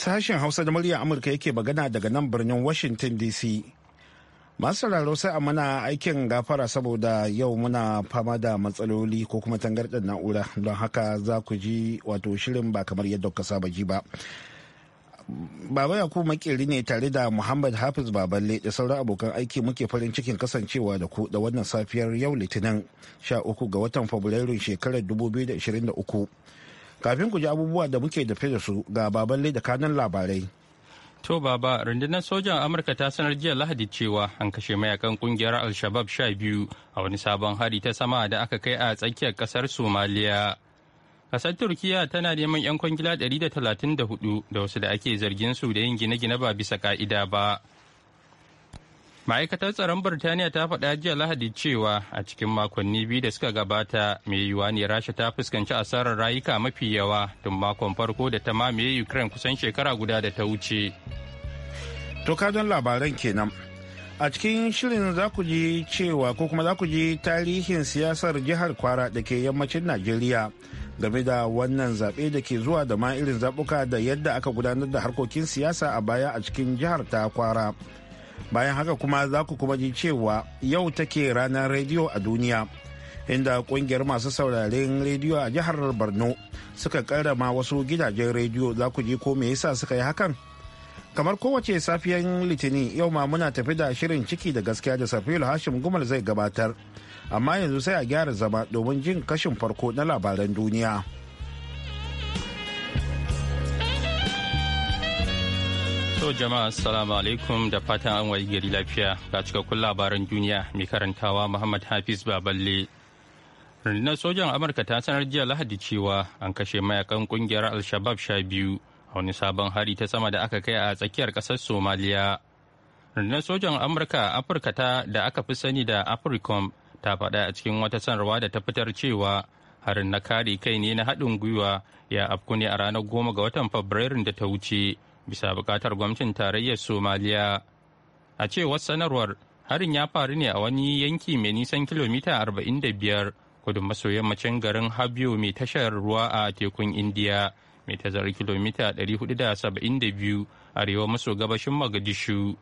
Sashen Hausa da muryar Amurka yake magana daga nan birnin Washington DC. Masu raro sai a mana aikin gafara saboda yau muna fama da matsaloli ko kuma tangarɗar na'ura don haka za ku ji wato shirin ba kamar yadda kuka saba ji ba. Baba yakub makeri ne tare da Muhammad Hafiz Baballe da sauran abokan aiki muke farin cikin kasancewa da ku da wannan safiyar yau Litinin 13 ga watan fabrairu shekarar 2023. kafin ku ji abubuwa da muke da da su ga baban da kanan labarai. To baba rundunar sojan Amurka ta sanar jiya Lahadi cewa an kashe mayakan kungiyar Al-Shabab sha biyu a wani sabon hari ta sama da aka kai a tsakiyar kasar Somaliya. Kasar turkiyya tana neman 'yan kwangila 134 da wasu da ake zargin su da yin gine-gine ba bisa ka'ida ba. ma'aikatar tsaron birtaniya ta faɗa jiya lahadi cewa a cikin makonni biyu da suka gabata mai yiwuwa ne rasha ta fuskanci asarar rayuka mafi yawa tun makon farko da ta mamaye ukraine kusan shekara guda da ta wuce to don labaran kenan a cikin shirin za ku ji cewa ko kuma za ku ji tarihin siyasar jihar kwara da ke yammacin najeriya game da wannan zaɓe da ke zuwa da ma irin zaɓuka da yadda aka gudanar da harkokin siyasa a baya a cikin jihar ta kwara. bayan haka kuma za ku kuma ji cewa yau take ranar rediyo a duniya inda kungiyar masu sauraren rediyo a jihar borno suka karrama wasu gidajen rediyo za ku ji ko me yasa suka yi hakan kamar kowace safiyan litinin yau ma muna tafi da shirin ciki da gaskiya da safiyu hashim gumal zai gabatar amma yanzu sai a gyara zama domin jin kashin farko na labaran duniya. To jama'a assalamu alaikum da fatan an wayi gari lafiya ga cikakkun labaran duniya mai karantawa Muhammad Hafiz Baballe. Rundunar sojan Amurka ta sanar jiya Lahadi cewa an kashe mayakan kungiyar Alshabab sha biyu a wani sabon hari ta sama da aka kai a tsakiyar ƙasar Somaliya. Rundunar sojan Amurka Afirka ta da aka fi sani da Africom ta faɗa a cikin wata sanarwa da ta fitar cewa harin na kare kai ne na haɗin gwiwa ya afku ne a ranar goma ga watan Fabrairun da ta wuce. bisa bukatar gwamnatin tarayyar somaliya a cewar sanarwar harin ya faru ne a wani yanki mai nisan kilomita 45 kudu maso yammacin garin habio mai tashar ruwa a tekun indiya mai tazarar kilomita 472 arewa maso gabashin magadishu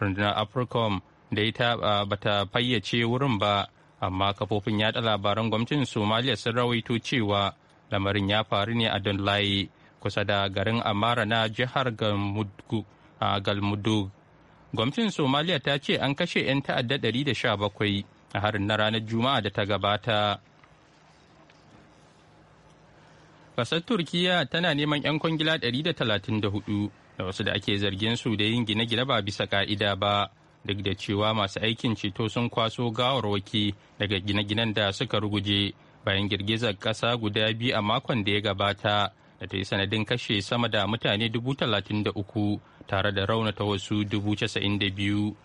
rundunar africom da ita bata fayyace wurin ba amma kafofin yada labaran gwamnatin somaliya sun rawaito cewa lamarin ya faru ne a donlaye kusa da garin amara na jihar galmudug gwamnatin somaliya ta ce an kashe 'yan ta'adda 117 a harin na ranar juma'a da ta gabata kasar turkiya tana neman 'yan kwangila 134 da wasu da ake zargin su da yin gine-gine ba bisa ka'ida ba duk da cewa masu aikin ceto sun kwaso gawarwaki daga gine-ginen da suka ruguje bayan girgizar ƙasa guda biyu a makon da ya gabata da ta yi sanadin kashe sama da mutane dubu talatin da uku tare da raunata wasu dubu casa'in biyu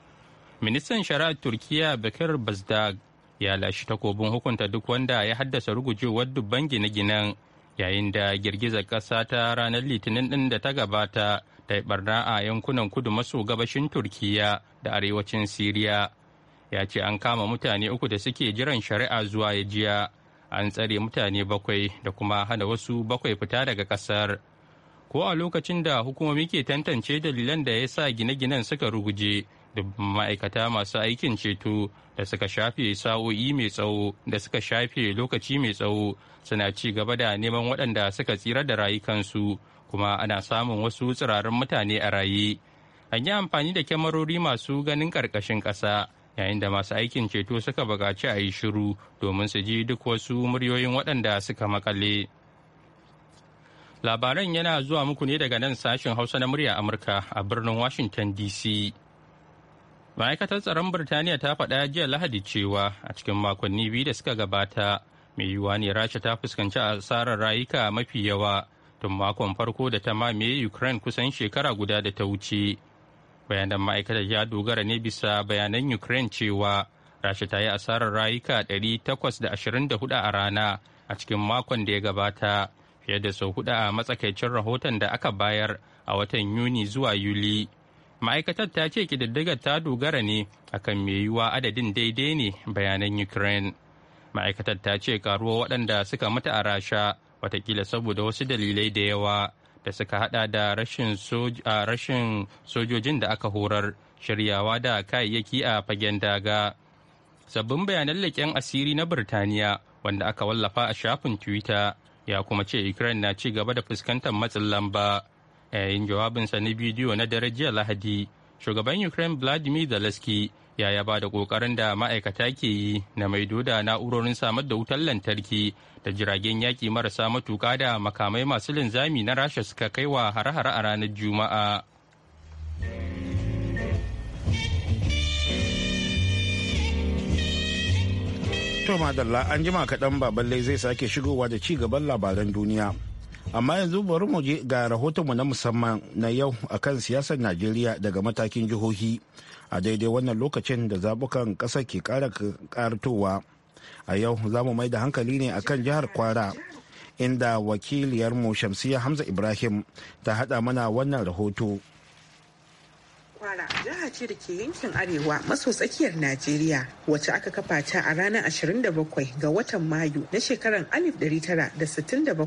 ministan shari'ar turkiyya baker bazdag ya lashe takobin hukunta duk wanda ya haddasa rugujewar dubban gine-ginen yayin da girgizar ƙasa ta ranar litinin ɗin da ta gabata ta yi barna a yankunan kudu maso gabashin turkiyya da arewacin siriya ya ce an kama mutane uku da suke jiran shari'a zuwa ya jiya an tsare mutane bakwai da kuma hana wasu bakwai fita daga kasar ko a lokacin da hukumomi ke tantance dalilan da ya sa gine-ginen suka ruguje da ma'aikata masu aikin ceto da suka shafe sa'o'i mai tsawo da suka shafe lokaci mai tsawo suna ci gaba da neman waɗanda suka tsira da rayukansu kuma ana samun wasu tsirarin mutane a raye an yi amfani da kyamarori masu ganin ƙarƙashin ƙasa yayin da masu aikin ceto suka bukaci a yi shiru domin su ji duk wasu muryoyin waɗanda suka makale. Labaran yana zuwa muku ne daga nan sashen Hausa na murya Amurka a birnin Washington DC. Ma'aikatar tsaron Birtaniya ta faɗa jiya Lahadi cewa a cikin makonni biyu da suka gabata mai yiwuwa ne Rasha ta fuskanci asarar rayuka mafi yawa tun makon farko da ta mamaye Ukraine kusan shekara guda da ta wuce. bayanan ma'aikatar ya dogara ne bisa bayanan ukraine cewa rasha ta yi asarar rayuka 824 a rana a cikin makon da ya gabata fiye da sau hudu a matsakaicin rahoton da aka bayar a watan yuni zuwa yuli ma'aikatar ta ce kididdigar ta dogara ne akan mai yiwuwa adadin daidai ne bayanan ukraine ma'aikatar ta ce karuwa waɗanda suka mutu a rasha watakila saboda wasu dalilai da yawa da suka hada da rashin sojojin da aka horar shiryawa da kayayyaki a fagen daga sabbin bayanan leƙen asiri na birtaniya wanda aka wallafa a shafin twitter ya kuma ce ukraine na ci gaba da fuskantar matsin lamba yayin jawabinsa na bidiyo na dare jiya lahadi shugaban ukraine vladimir zelensky ya ya ba da kokarin da ma'aikata ke yi na maido da na'urorin samar da wutar lantarki da jiragen yaƙi marasa matuƙa da makamai masu linzami na rasha suka kai wa hare-hare a ranar juma'a to madalla an jima kaɗan baballe zai sake shigowa da ci gaban labaran duniya amma yanzu bari mu je ga rahoton mu na musamman na yau akan siyasar najeriya daga matakin jihohi a daidai wannan lokacin da zabukan ƙasa ke kara ƙartowa a yau za mu mai da hankali ne akan jihar kwara inda wakiliyarmu shamsiya hamza ibrahim ta haɗa mana wannan rahoto Kwara jiha ce da ke yankin Arewa maso tsakiyar Najeriya wacce aka kafa ta a ranar 27 ga watan Mayu na shekarar 1967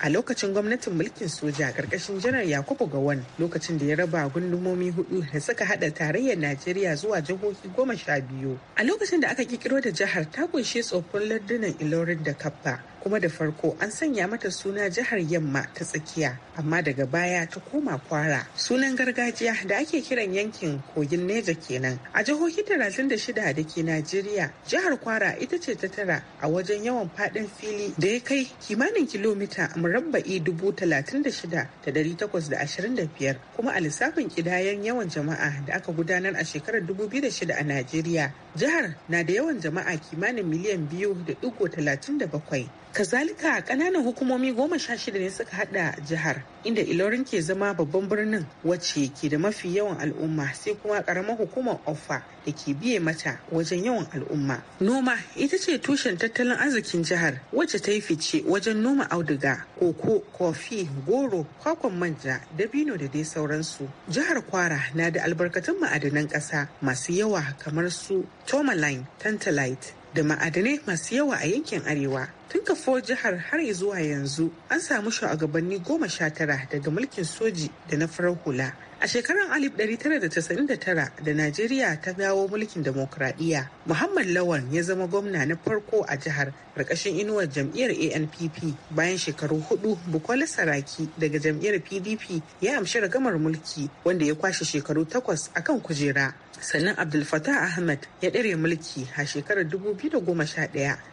a lokacin gwamnatin mulkin soja karkashin janar Yakubu Gawan lokacin da ya raba gundumomi hudu da suka hada tarayyar Najeriya zuwa jihohi goma sha biyu. A lokacin da aka kikiro da jihar ta kunshe tsoffin lardunan Ilorin da Kappa kuma da farko an sanya mata suna jihar yamma ta tsakiya amma daga baya ta koma kwara sunan gargajiya da ake kiran yankin kogin neja kenan a jihohi talatin da shida da ke najeriya jihar kwara ita ce ta tara a wajen yawan fadin fili da ya kai kimanin kilomita murabba'i dubu talatin da shida da dari takwas da ashirin da biyar kuma a lissafin kidayen yawan jama'a da aka gudanar a shekarar dubu biyu da shida a najeriya jihar na da yawan jama'a kimanin miliyan biyu da digo talatin da bakwai Kazalika ƙananan hukumomi goma sha shida ne suka hada jihar inda Ilorin ke zama babban birnin wacce ke da mafi yawan al'umma sai kuma karamar hukumar ofa da ke biye mata wajen yawan al'umma. Noma ita ce tushen tattalin arzikin jihar wacce ta yi fice wajen noma auduga, koko, kofi, goro, kwakwan manja, dabino da dai sauransu. Jihar Kwara na da albarkatun ma'adanan ƙasa masu yawa kamar su tourmaline, tantalite, da ma'adanai masu yawa a yankin arewa tun kafo jihar har zuwa yanzu an samu shugabanni goma sha tara daga mulkin soji da na farar hula a shekarar 1999 da najeriya ta gawo mulkin demokradiyya muhammad lawan ya zama gwamna na farko a jihar karkashin inuwar jam'iyyar anpp bayan shekaru hudu bukola saraki daga jam'iyyar pdp ya amshi ragamar mulki wanda ya kwashe shekaru takwas akan kujera sannan abdul fatah ahmed ya ɗare mulki a shekarar 2011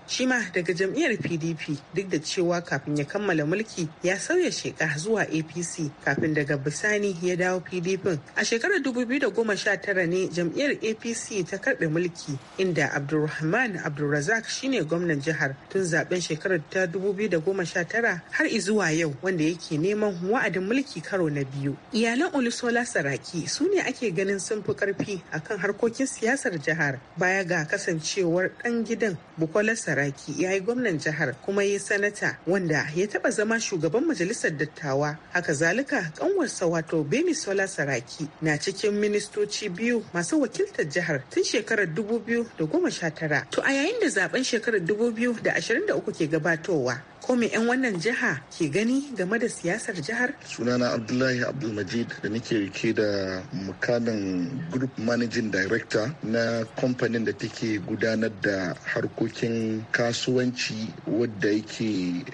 shi ma daga jam'iyyar pdp duk da cewa kafin ya kammala mulki ya sauya sheka zuwa apc kafin daga bisani ya dawo pdp a shekarar 2019 ne jam'iyyar apc ta karɓe mulki inda abdulrahman abdulrazak shine gwamnan jihar tun zaben shekarar ta 2019 har izuwa yau wanda yake neman wa'adin mulki karo na biyu iyalan olusola saraki su ne ake ganin sun fi karfi a akan harkokin siyasar jihar baya ga kasancewar dan gidan Bukola Saraki ya yi gwamnan jihar kuma ya sanata wanda ya taba zama shugaban majalisar dattawa haka zalika kanwarsa wato Bemi Sola Saraki na cikin ministoci biyu masu wakiltar jihar tun shekarar 2019 to a yayin da zaben shekarar 2023 ke gabatowa ko me 'yan wannan jiha ke gani game da siyasar jihar? Sunana Abdullahi Abdulmajid da nake rike da mukamin Group Managing Director na kamfanin da take gudanar da harkokin kasuwanci wadda yake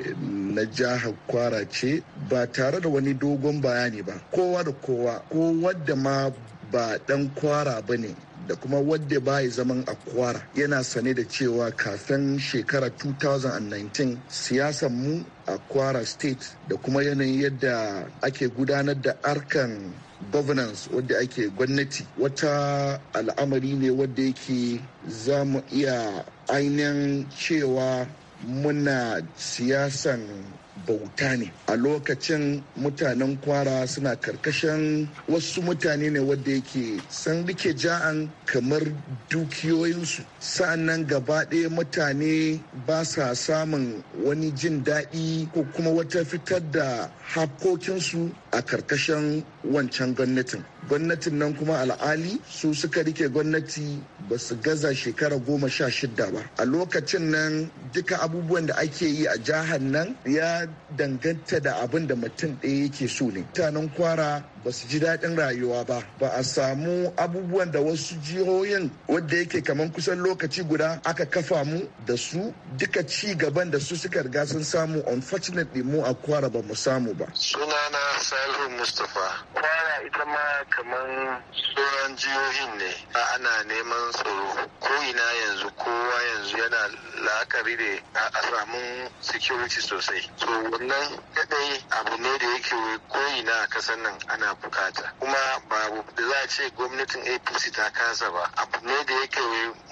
na jihar kwara ce ba tare da wani dogon bayani ba kowa da kowa ko wadda ma ba dan kwara ba ne da kuma wadda ba zaman akwara yana sane da cewa kafin shekara 2019 siyasan mu a kwara state da kuma yanayin yadda ake gudanar da arkan governance wadda ake gwamnati wata al'amari ne wadda yake za mu iya ainihin cewa muna siyasan bauta ne a lokacin mutanen kwara suna karkashin wasu mutane ne wadda yake san rike ja'an kamar dukiyoyinsu sa'annan gaba ɗaya mutane ba sa samun wani jin daɗi ko kuma wata fitar da hakokinsu a karkashin wancan gwamnatin gwamnatin nan kuma al'ali su suka rike gwamnati ba su gaza shekara goma sha shida ba a lokacin nan duka abubuwan da ake yi a jihar nan ya danganta da abin da mutum ɗaya yake so ne mutanen kwara ba su ji daɗin rayuwa ba ba a samu abubuwan da wasu jihohin wadda yake kamar kusan lokaci guda aka kafa mu da su duka ci gaban da su suka riga sun samu unfortunately mu a kwara ba mu samu ba sunana salihu mustapha kwara ita ma kamar sauran jihohin ne ana neman tsaro ko ina yanzu kowa yanzu yana la'akari da a samu security sosai so wannan kadai abu ne da yake ko ina a kasan nan ana bukata kuma babu da za a ce gwamnatin apc ta kasa ba abu ne da yake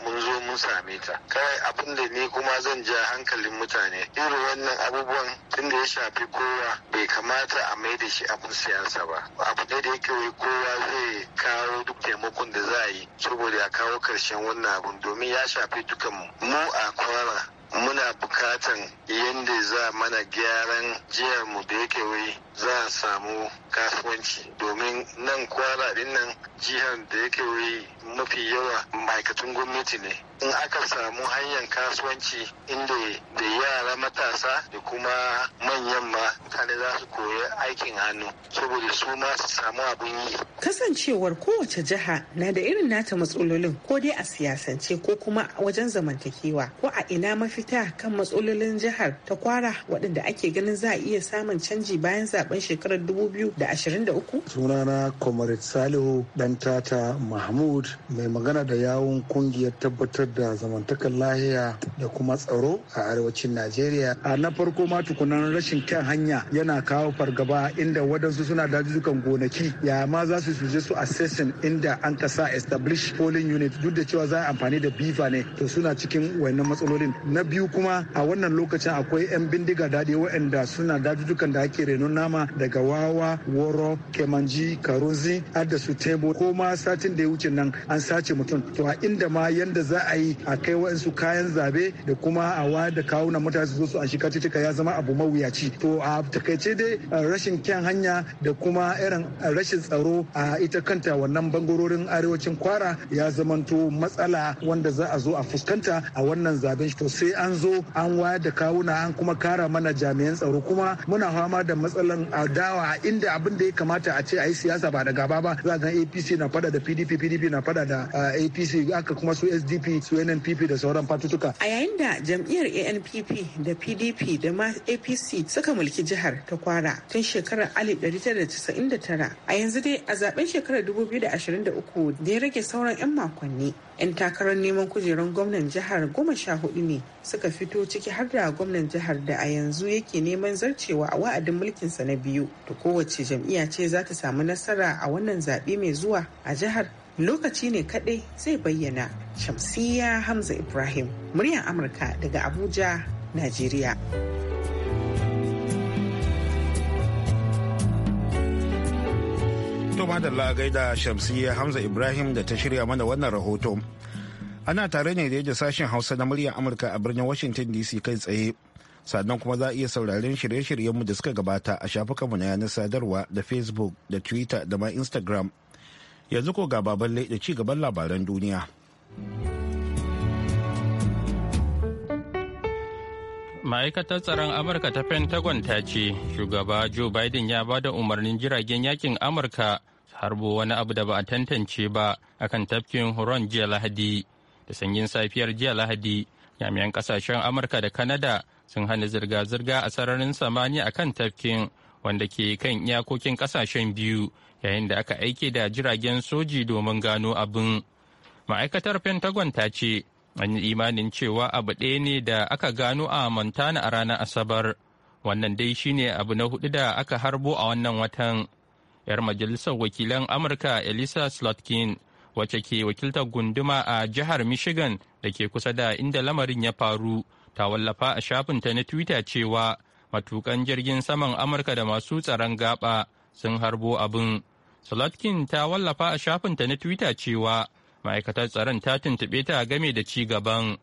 mun zo mun same ta kawai abin da ni kuma zan ja hankalin mutane irin wannan abubuwan tun da ya shafi kowa bai kamata a mai da shi abin siyasa ba abu ne da yake kawai kowa zai kawo duk taimakon da za a yi saboda ya kawo karshen wannan abun domin ya shafi dukan mu a kwara muna bukatan yadda za mana gyaran jiyarmu da yake wai za a samu kasuwanci domin nan kwara din nan jihar da yake wuri mafi yawa ma'aikatan gwamnati ne in aka samu hanyar kasuwanci inda da yara matasa da kuma manyan ma mutane za su koya aikin hannu saboda su ma su samu abin yi kasancewar kowace jiha na da irin nata matsalolin ko dai a siyasance ko kuma wajen zamantakewa ko a ina mafita kan matsalolin jihar ta kwara waɗanda ake ganin za a iya samun canji bayan za zaben shekarar 2023? Sunana Comrade Salihu tata Mahmud mai magana da yawun kungiyar tabbatar da zamantakar lahiya da kuma tsaro a arewacin Najeriya. A na farko ma tukunan rashin kyan hanya yana kawo fargaba inda wadansu suna dajujukan gonaki ya ma za su suje su assessing inda an kasa establish polling unit duk da cewa za a amfani da biva ne to suna cikin wannan matsalolin. Na biyu kuma a wannan lokacin akwai 'yan bindiga daɗi waɗanda suna dajujukan da ake reno nama dama daga wawa woro kemanji karunzi har da su tebo ko ma satin da ya wuce nan an sace mutum to a inda ma yanda za a yi a kai waɗansu kayan zabe da kuma a wa da kawunan mutane su a su an ya zama abu mawuyaci to a takaice dai rashin kyan hanya da kuma irin rashin tsaro a ita kanta wannan bangarorin arewacin kwara ya zamanto matsala wanda za a zo a fuskanta a wannan zaben to sai an zo an wayar da kawuna an kuma kara mana jami'an tsaro kuma muna fama da matsalan adawa adawa inda abin da ya kamata a ce a yi siyasa ba da gaba ba za ga apc na fada da pdp pdp na fada da apc aka kuma su sdp su nnpp da sauran fatutuka a yayin da jam'iyyar anpp da pdp da ma apc suka mulki jihar ta kwara tun shekarar tara a yanzu dai a zaben shekarar dubu 2023 da ya rage sauran 'yan makonni 'yan takarar neman kujerun gwamnan jihar goma sha hudu ne suka fito ciki har da gwamnan jihar da a yanzu yake neman zarcewa a wa'adin mulkinsa na biyu da kowace jam'iyya ce za ta samu nasara a wannan zaɓe mai zuwa a jihar lokaci ne kaɗai zai bayyana shamsiyya hamza ibrahim muryar amurka daga abuja najeriya To madalla gaida Shamsiyya Hamza Ibrahim da ta shirya mana wannan rahoto. Ana tare ne da sashen Hausa na muryar Amurka a birnin Washington DC kai tsaye. sannan kuma za a iya sauraren shirye-shiryenmu da suka gabata a shafukanmu na yanar sadarwa da facebook da twitter da ma instagram yanzu ko ga baballe da ci gaban labaran duniya ma'aikatar tsaron amurka ta pentagon ta ce shugaba joe biden ya ba da umarnin jiragen yakin amurka harbo wani abu da ba a tantance ba akan tafkin huron jiya lahadi da sanyin safiyar jiya lahadi jami'an kasashen amurka da kanada sun hana zirga-zirga a sararin samaniya akan tafkin wanda ke kan iyakokin kasashen biyu yayin da aka aike da jiragen soji domin gano abin ma'aikatar pentagon ta ce an yi imanin cewa abu ɗaya ne da aka gano a montana a ranar asabar wannan dai shine abu na hudu da aka harbo a wannan watan 'yar majalisar wakilan amurka elisa slotkin wacce ke wakiltar gunduma a jihar michigan da ke kusa da inda lamarin ya faru ta wallafa a shafinta na twitter cewa matukan jirgin saman amurka da masu tsaron gaba sun harbo abin slotkin ta wallafa a shafinta na twitter cewa ma'aikatar tsaron ta tuntuɓe ta game da ci gaban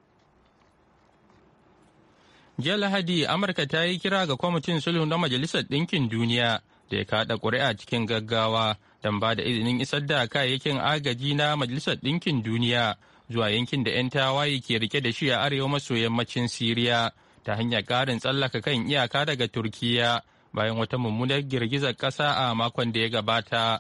jiya lahadi amurka ta yi kira ga kwamitin sulhu na majalisar ɗinkin duniya da ya kada ƙuri'a cikin gaggawa don ba da izinin isar da kayayyakin agaji na majalisar ɗinkin duniya zuwa yankin da 'yan tawaye ke rike da shi a arewa maso yammacin siriya ta hanyar ƙarin tsallaka kan iyaka daga turkiyya bayan wata mummunar girgizar ƙasa a makon da ya gabata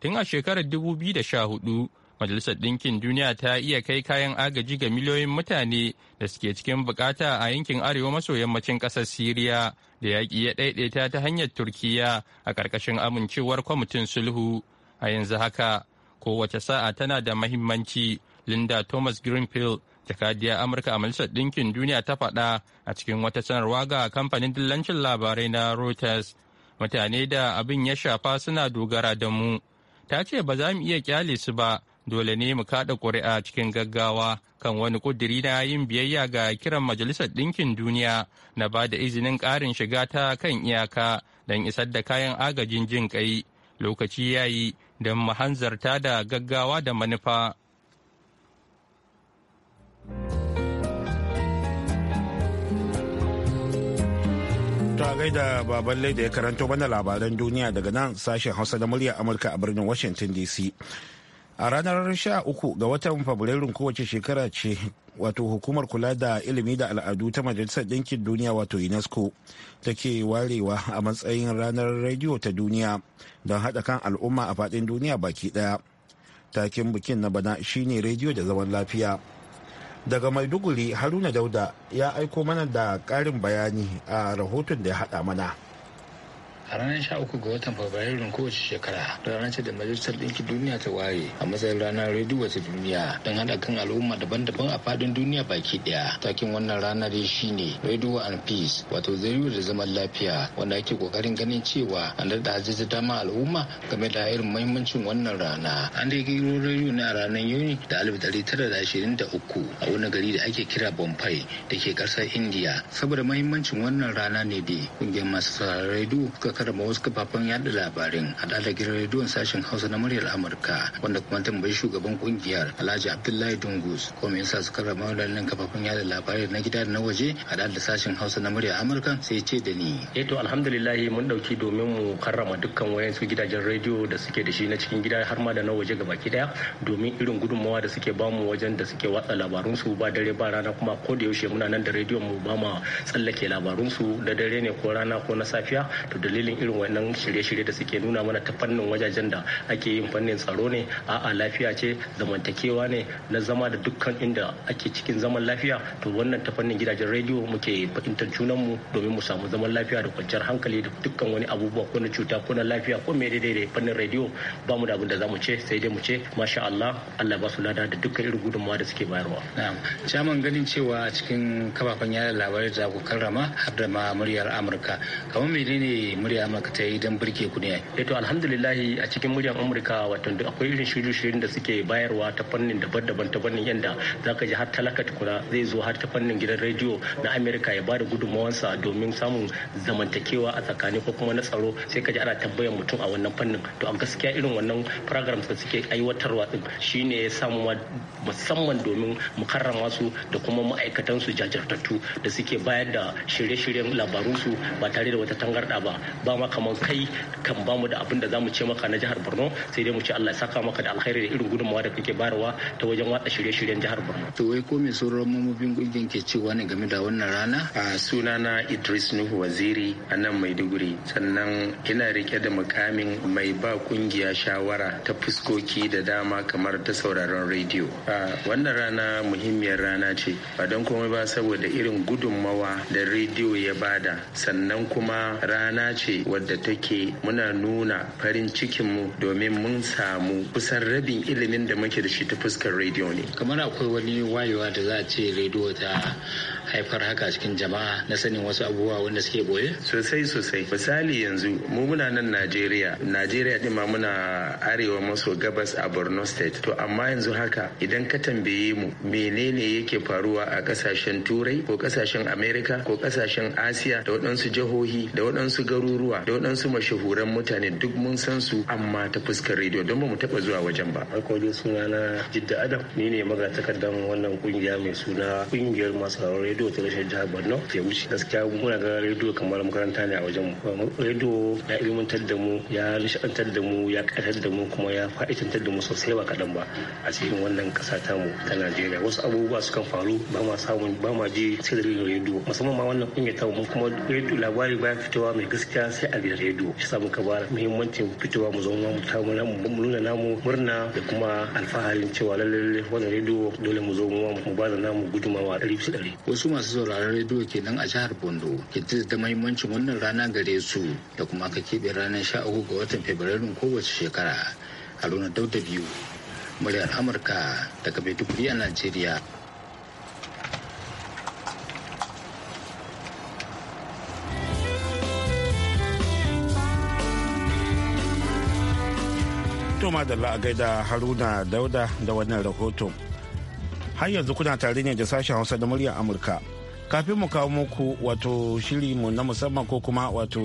tun a shekarar 2014 Majalisar Ɗinkin Duniya ta iya kai kayan agaji ga miliyoyin mutane da suke cikin bukata a yankin arewa maso yammacin ƙasar Siriya da yaƙi ya ɗaiɗaita ta hanyar turkiyya a ƙarƙashin amincewar kwamitin sulhu. A yanzu haka, kowace sa'a tana da mahimmanci, Linda Thomas Greenfield, jakadiyar Amurka a Majalisar Ɗinkin Duniya ta faɗa a cikin wata sanarwa ga kamfanin dillancin labarai na Reuters. Mutane da abin ya shafa suna dogara da mu. Ta ce ba za mu iya kyale su ba dole ne mu kaɗa ƙuri'a cikin gaggawa kan wani ƙudiri na yin biyayya ga kiran majalisar ɗinkin duniya na ba da izinin ƙarin shiga ta kan iyaka don isar da kayan agajin jin ƙai lokaci ya yi don mu hanzarta da gaggawa da manufa. Ta gaida baban da ya karanto mana labaran duniya daga nan sashen Hausa da murya Amurka a birnin Washington DC. a ranar sha uku ga watan fabrairun kowace shekara ce wato hukumar kula da ilimi da al'adu ta majalisar ɗinkin duniya wato unesco ke warewa a matsayin ranar rediyo ta duniya don haɗa kan al'umma a faɗin duniya baki ɗaya takin bikin na bana shine rediyo da zaman lafiya daga maiduguri haruna dauda ya aiko mana da ƙarin bayani a rahoton da ya haɗa mana a ranar sha uku ga watan fabrairun kowace shekara ranar ce da majalisar ɗinkin duniya ta ware a matsayin ranar rediyo ta duniya don haɗa kan al'umma daban-daban a faɗin duniya baki ɗaya takin wannan ranar shine radio and peace wato zariyo da zaman lafiya wanda ake kokarin ganin cewa an daɗa ta dama al'umma game da irin mahimmancin wannan rana an dai gero rediyo ne a ranar yuni da alif dari tara da ashirin da uku a wani gari da ake kira bombay da ke ƙasar indiya saboda mahimmancin wannan rana ne dai ƙungiyar masu sauraron rediyo ma wasu kafafen yada labarin a da gidan rediyon sashen hausa na muryar amurka wanda kuma tambayi shugaban kungiyar alhaji abdullahi dungus ko me yasa su rama wadannan kafafen yada labarai na gida da na waje a da sashen hausa na muryar amurka sai ce da ni eh to alhamdulillah mun ɗauki domin mu karrama dukkan wayansu gidajen rediyo da suke da shi na cikin gida har ma da na waje gabaki daya domin irin gudummawa da suke bamu wajen da suke watsa labarun su ba dare ba rana kuma ko da yaushe muna nan da rediyon mu ba ma tsallake labarun su da dare ne ko rana ko na safiya to dalilin dalilin irin wannan shirye-shirye da suke nuna mana ta fannin wajajen da ake yin fannin tsaro ne a'a lafiya ce zamantakewa ne na zama da dukkan inda ake cikin zaman lafiya to wannan ta fannin gidajen rediyo muke fahimtar junanmu domin mu samu zaman lafiya da kwanciyar hankali da dukkan wani abubuwa ko na cuta ko na lafiya ko mai daidai da fannin rediyo ba mu da abin da za mu ce sai dai mu ce masha Allah Allah ba su lada da dukkan irin gudunmawa da suke bayarwa. Jaman ganin cewa a cikin kafafen yada labarai da ku karrama har da ma muryar Amurka kamar menene muryar murya maka ta yi don birke ku ne ya eh to alhamdulillahi a cikin muryar amurka wato akwai irin shirye-shiryen da suke bayarwa ta fannin daban-daban ta fannin yadda za ka ji har talaka kula zai zo har ta fannin gidan rediyo na amerika ya ba bada gudunmawansa domin samun zamantakewa a tsakanin ko kuma na tsaro sai ka ji ana tambayar mutum a wannan fannin to a gaskiya irin wannan program da suke aiwatarwa din shine ya samu musamman domin mu da kuma ma'aikatansu jajirtattu da suke bayar da shirye-shiryen labarunsu ba tare da wata tangarɗa ba ba ma kamar kai kan ba mu da abin da za mu ce maka na jihar Borno sai dai mu ce Allah ya saka maka da alkhairi da irin gudunmawa da kake bayarwa ta wajen watsa shirye-shiryen jihar Borno. To wai ko me sauran mamobin gungun ke cewa ne game da wannan rana? A sunana Idris Nuhu Waziri a nan Maiduguri sannan ina rike da mukamin mai ba kungiya shawara ta fuskoki da dama kamar ta sauraron rediyo. Wannan rana muhimmiyar rana ce ba don komai ba saboda irin gudunmawa da rediyo ya bada sannan kuma rana ce wadda take muna nuna farin cikinmu domin mun samu kusan rabin ilimin da muke da shi ta fuskar rediyo ne. Kamar akwai wani wayewa da za a ce rediyo ta haifar haka cikin jama'a na sanin wasu abubuwa wanda suke boye? Sosai sosai. Misali yanzu mu muna nan Najeriya. Najeriya ɗin ma muna arewa maso gabas a Borno State. To amma yanzu haka idan ka tambaye mu menene yake faruwa a kasashen Turai ko kasashen Amerika ko ƙasashen Asiya da waɗansu jihohi da waɗansu garuruwa garuruwa da waɗansu mashahuran mutane duk mun san su amma ta fuskar rediyo don ba mu taɓa zuwa wajen ba. Farko suna na Jidda Adam ni ne magatakardan wannan kungiya mai suna kungiyar masu sauraron rediyo ta rashin jihar Borno ke wuce. Gaskiya muna ga rediyo kamar makaranta ne a wajen mu. Rediyo ya ilmantar da mu ya nishaɗantar da mu ya ƙatar da mu kuma ya fa'itantar da mu sosai ba kaɗan ba a cikin wannan ƙasa ta mu ta Najeriya. Wasu abubuwa sukan faru ba ma samun ba ma je sai da rediyo musamman ma wannan kungiyar ta mu kuma labari baya fitowa mai gaskiya sai a gidan rediyo shi ka muka ba muhimmancin fitowa mu zama mu ta mu nuna namu murna da kuma alfaharin cewa lallai wannan rediyo dole mu zo mu mu ba da namu gudumawa ɗari bisa ɗari. Wasu masu sauraron rediyo nan a jihar Bondo ke da muhimmancin wannan rana gare su da kuma aka keɓe ranar sha uku ga watan Fabrairu kowace shekara. a Haruna Dauda biyu muryar Amurka daga Maiduguri a Najeriya. To madalla a gaida Haruna Dauda da wannan rahoton. Har yanzu kuna tare ne da sashen Hausa da muryar Amurka. Kafin mu kawo muku wato shirinmu na musamman ko kuma wato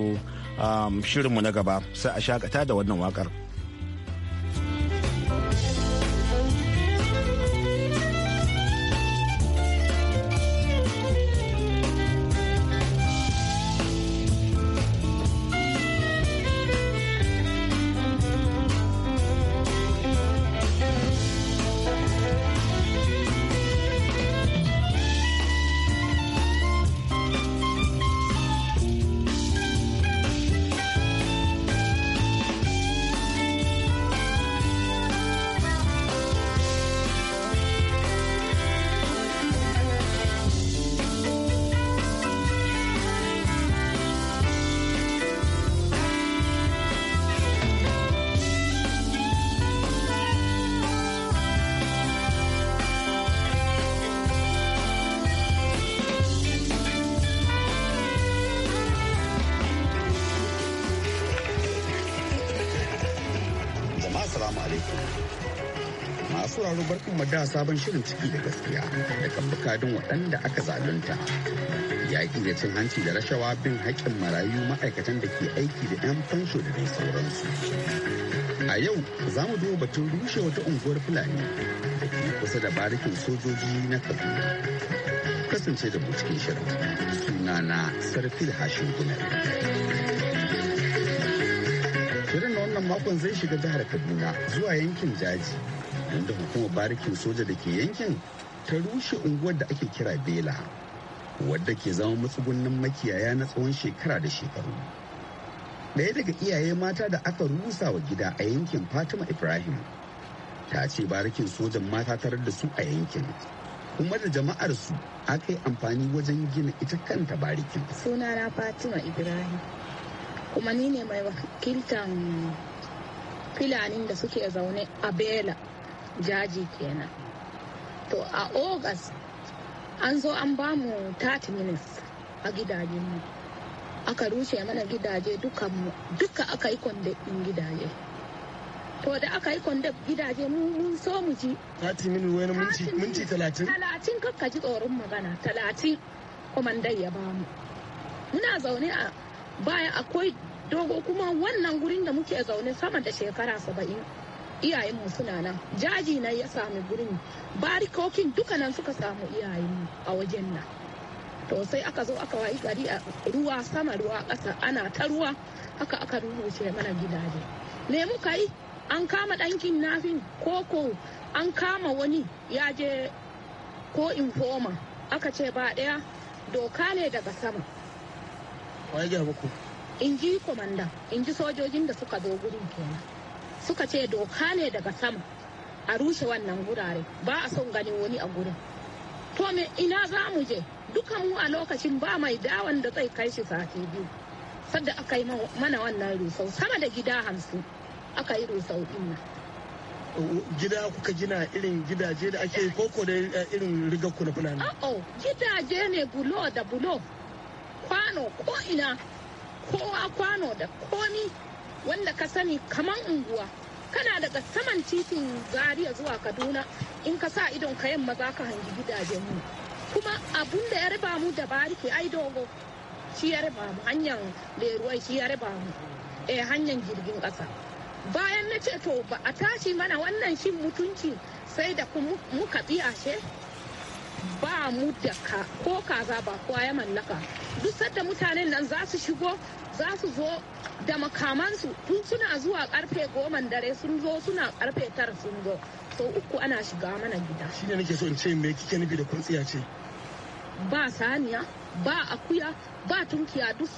um, shirinmu na gaba sai a shakata da wannan wakar. sauraro bar kuma da sabon shirin ciki da gaskiya da kan bukadin waɗanda aka zalunta. Yaƙi da cin hanci da rashawa bin haƙƙin marayu ma'aikatan da ke aiki da 'yan fansho da dai sauransu. A yau za mu duba batun rushe wata unguwar Fulani da ke kusa da barikin sojoji na Kaduna. Kasance da mu cikin shirin sunana Sarfil hashin gunar shirin na wannan makon zai shiga jihar kaduna zuwa yankin jaji wanda hukumar barikin soja da ke yankin ta rushe unguwar da ake kira bela wadda ke zama matsugunan makiyaya na tsawon shekara da shekaru ɗaya daga iyaye mata da aka rusa wa gida a yankin fatima ibrahim ta ce barikin sojan mata tarar da su a yankin kuma da jama'ar su aka yi amfani wajen gina ita kanta barikin sunana fatima ibrahim kuma ni ne mai wakiltan filanin da suke zaune a bela jaji kenan to a august an zo an ba mu 30 minutes a gidajenmu aka rushe mana gidaje dukanmu duka aka yi kwandabin gidaje to da aka yi kwandab gidaje mun so mu ji 30 minutes wani minti minti 30 30 kakka ji tsoron magana talatin kwamandai ya ba mu muna zaune a baya akwai dogo kuma wannan gurin da muke zaune sama da shekara saba'in iyayen mu suna nan jaji na ya sami gurin barikokin duka nan suka samu iyayen mu a wajen nan to sai aka zo aka wayi gari a ruwa sama ruwa ƙasa ana ta ruwa haka aka rubuce mana gidaje lemu kai an kama ɗankin nafin koko an kama wani ya je ko infoma aka ce ba ɗaya doka ne daga sama in ji komanda in ji sojojin da suka zo gurin kenan suka ce doka ne daga sama a rushe wannan gurare ba a son ganin wani a gurin to me ina za mu je duka mu a lokacin ba mai dawan da zai kai shi sati biyu sadda aka yi mana wannan rusau sama da gida hamsin aka yi rusau din gida kuka gina irin gidaje da ake koko da eh, irin rigar kuna fulani a'o gidaje ne bulo da bulo kwano ko ina kowa kwano da komi wanda ka sani kaman unguwa kana daga saman titin zaria zuwa kaduna in ka sa idon ka yamma za ka hangi gidajen mu kuma abun da ya riba mu da bariki ai dogo shi ya riba mu hanyar leruwai shi ya riba mu eh hanyar jirgin ƙasa bayan na ce to ba a tashi mana wannan shin mutunci sai da muka biya shi. ba mu da ka ko kaza ba kowa ya mallaka duk sadda mutanen nan za su shigo za su zo da makamansu tun suna zuwa karfe goman dare sun zo suna karfe tara sun zo sau uku ana shiga mana gida shi ne nake so in ce me kike nufi da kuntsiya ce ba saniya ba akuya ba tunkiya duk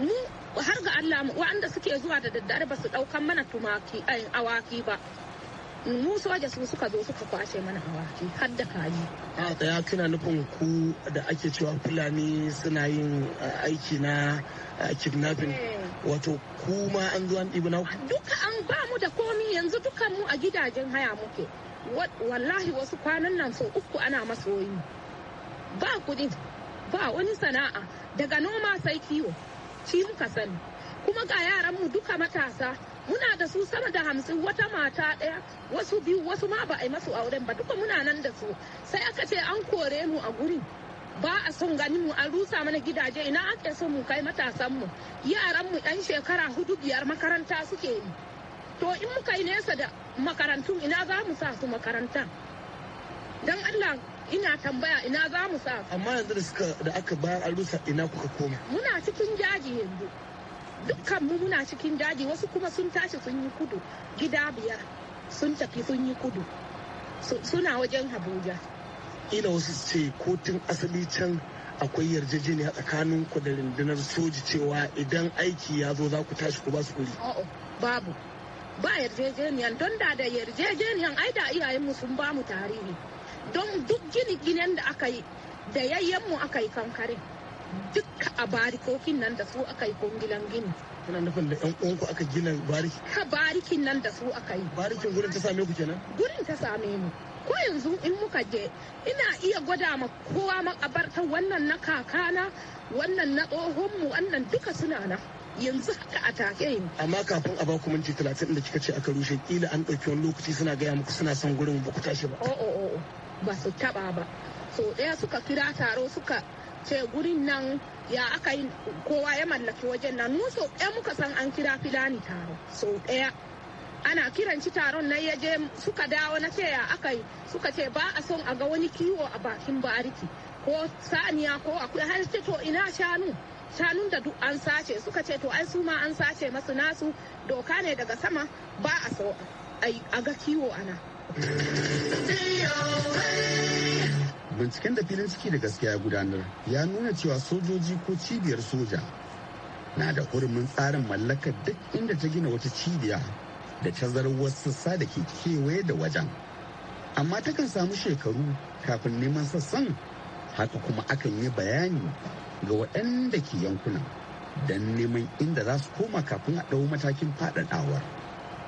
mu har ga Allah wanda suke zuwa da daddare ba su daukan mana tumaki eh, awaki ba mu soja su suka zo suka kwashe mana awaki har da kaji. a tsaya kina nufin ku da ake cewa fulani suna yin aiki na kidnapping eh. wato kuma an zo an ɗibi na duka an ba mu da komi yanzu dukanmu a gidajen haya muke wallahi wasu kwanan nan sau uku ana masoyi ba kuɗi ba wani sana'a daga noma sai kiwo shi muka sani kuma ga yaran mu duka matasa muna da su sama da hamsin wata mata ɗaya wasu biyu wasu ma ba a yi masu auren ba duka muna nan da su sai aka ce an kore mu a gurin ba a son gani mu an rusa mana gidaje ina ake son mu kai matasan mu yaran mu yan shekara hudu biyar makaranta suke yi to in muka yi nesa da makarantun ina za mu sa su makarantan dan Allah ina tambaya ina za mu sa amma yanzu da aka bayar an rusa ina kuka koma muna cikin jaji yanzu dukkan mu muna cikin daji wasu kuma sun tashi sun yi kudu gida biyar sun tafi sun yi kudu suna wajen abuja ina wasu ce kotun asali can akwai yarjejeniya tsakanin ku da rundunar soji cewa idan aiki ya zo za ku tashi ku ba su kuri babu ba yarjejeniyan don da da yarjejeniyan ai da mu sun ba mu tarihi don duk gini ginen da aka yi da mu aka yi kankare. duk a barikokin nan da su aka yi kungilan gini kuna nufin da ƴan uwanku aka gina bariki Ka barikin nan da su aka yi barikin gurin ta same ku kenan gurin ta same mu ko yanzu in muka je ina iya gwada ma kowa makabartar wannan na kakana wannan na tsohonmu wannan duka suna nan yanzu haka a take yi. Amma kafin a baku minti talatin da kika ce aka rushe kila an ɗauki wani lokaci suna gaya muku suna son gurin ba ku tashi ba. O o o ba su taɓa ba. So ɗaya suka kira taro suka ce gurin nan ya aka yi kowa ya mallaki wajen nan mu sau ɗaya muka san an kira filani taro sau ɗaya ana kiran ci taron na ya je suka dawo na ce ya aka yi suka ce ba a son a ga wani kiwo a bakin bariki ko saniya ko akwai har ce to ina shanu shanun da duk an sace suka ce to ai su ma an sace masu nasu doka ne daga sama ba a so a ga kiwo ana. Oh, binciken da filin ciki da gaskiya gudanar ya nuna cewa sojoji ko cibiyar soja na da hurumin tsarin mallakar duk inda ta gina wata cibiya da tazarar wasu sassa da ke kewaye da wajen amma takan samu shekaru kafin neman sassan haka kuma akan yi bayani ga waɗanda ke yankunan don neman inda za su koma kafin a ɗau matakin faɗaɗawar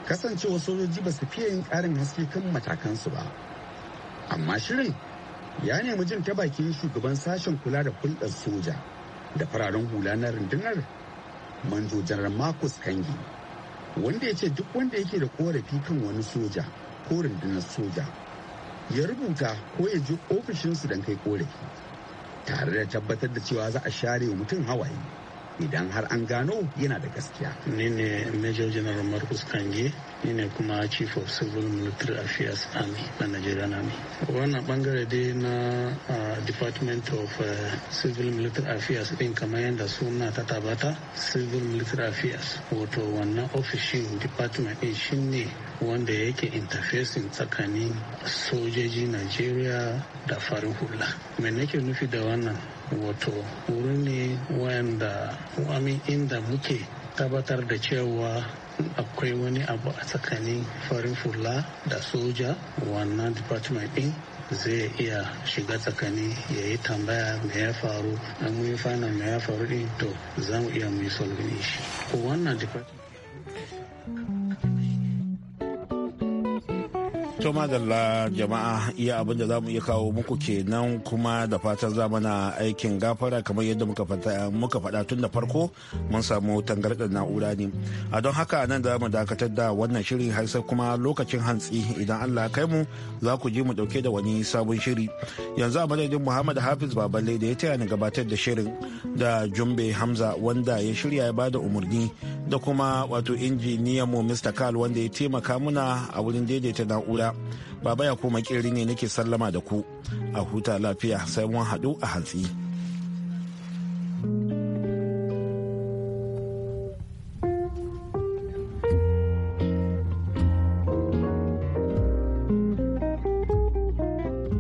kasancewa sojoji ba su fiye yin ƙarin haske kan matakansu ba amma shirin ya nemi jin ta bakin shugaban sashen kula da hulɗar soja da fararen hula na rundunar manjo janar marcus kangi wanda ya ce duk wanda yake da korafi kan wani soja ko rundunar soja ya rubuta ko ya ji ofishinsu don kai korafi tare da tabbatar da cewa za a share wa mutum hawaye idan har an gano yana da gaskiya. Ni ne Major General Marcus Kange, ni ne kuma Chief of Civil Military Affairs Army na Nigeria Army. Wannan bangare dai na Department of Civil Military Affairs din kamar yadda suna ta tabata Civil Military Affairs wato wannan ofishin department din ne wanda yake interfacing tsakanin sojoji Najeriya da farin hula. Me nake nufi da wannan wato wurin ne wanda amin inda muke tabbatar da cewa akwai wani abu a tsakanin farin fula da soja wannan department din zai iya shiga tsakani ya yi tambaya me ya faru an mun fana me ya faru din to za mu iya mu yi shi ko wannan department to madalla jama'a iya abin da za mu iya kawo muku kenan kuma da fatan za mana aikin gafara kamar yadda muka faɗa tun da farko mun samu tangardar na'ura ne a don haka nan za mu dakatar da wannan shirin har sai kuma lokacin hantsi idan allah kai mu za ku ji mu dauke da wani sabon shiri yanzu a madadin muhammad hafiz baballe da ya taya ni gabatar da shirin da jumbe hamza wanda ya shirya ya bada umarni da kuma wato injiniyan mu mr karl wanda ya taimaka muna a wurin daidaita na'ura baba ya koma ne nake sallama da ku a huta lafiya sai mun haɗu a hantsi.